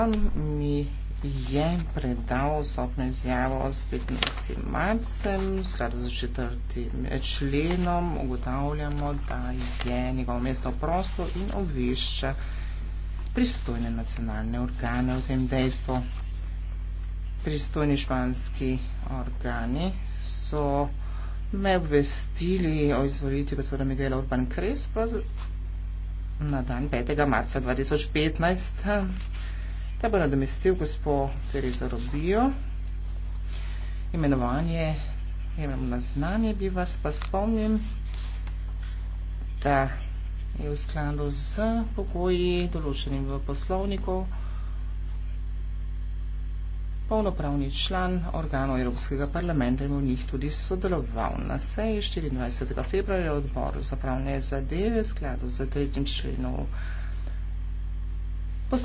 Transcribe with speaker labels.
Speaker 1: Župan mi je predal osobno izjavo s 15. marcem, skladu z četrtim členom, ugotavljamo, da je njegovo mesto prosto in obvešča pristojne nacionalne organe v tem dejstvu. Pristojni španski organi so me obvestili o izvolitvi gospoda Miguela Urban Crespa na dan 5. marca 2015. Ta bo nadomestil gospo Terezo Robijo. Imenovanje, imamo na znanje, bi vas pa spomnim, da je v skladu z pogoji določenim v poslovniku polnopravni član organov Evropskega parlamenta in v njih tudi sodeloval. Na seji 24. februarja odbor za pravne zadeve v skladu z tretjim členom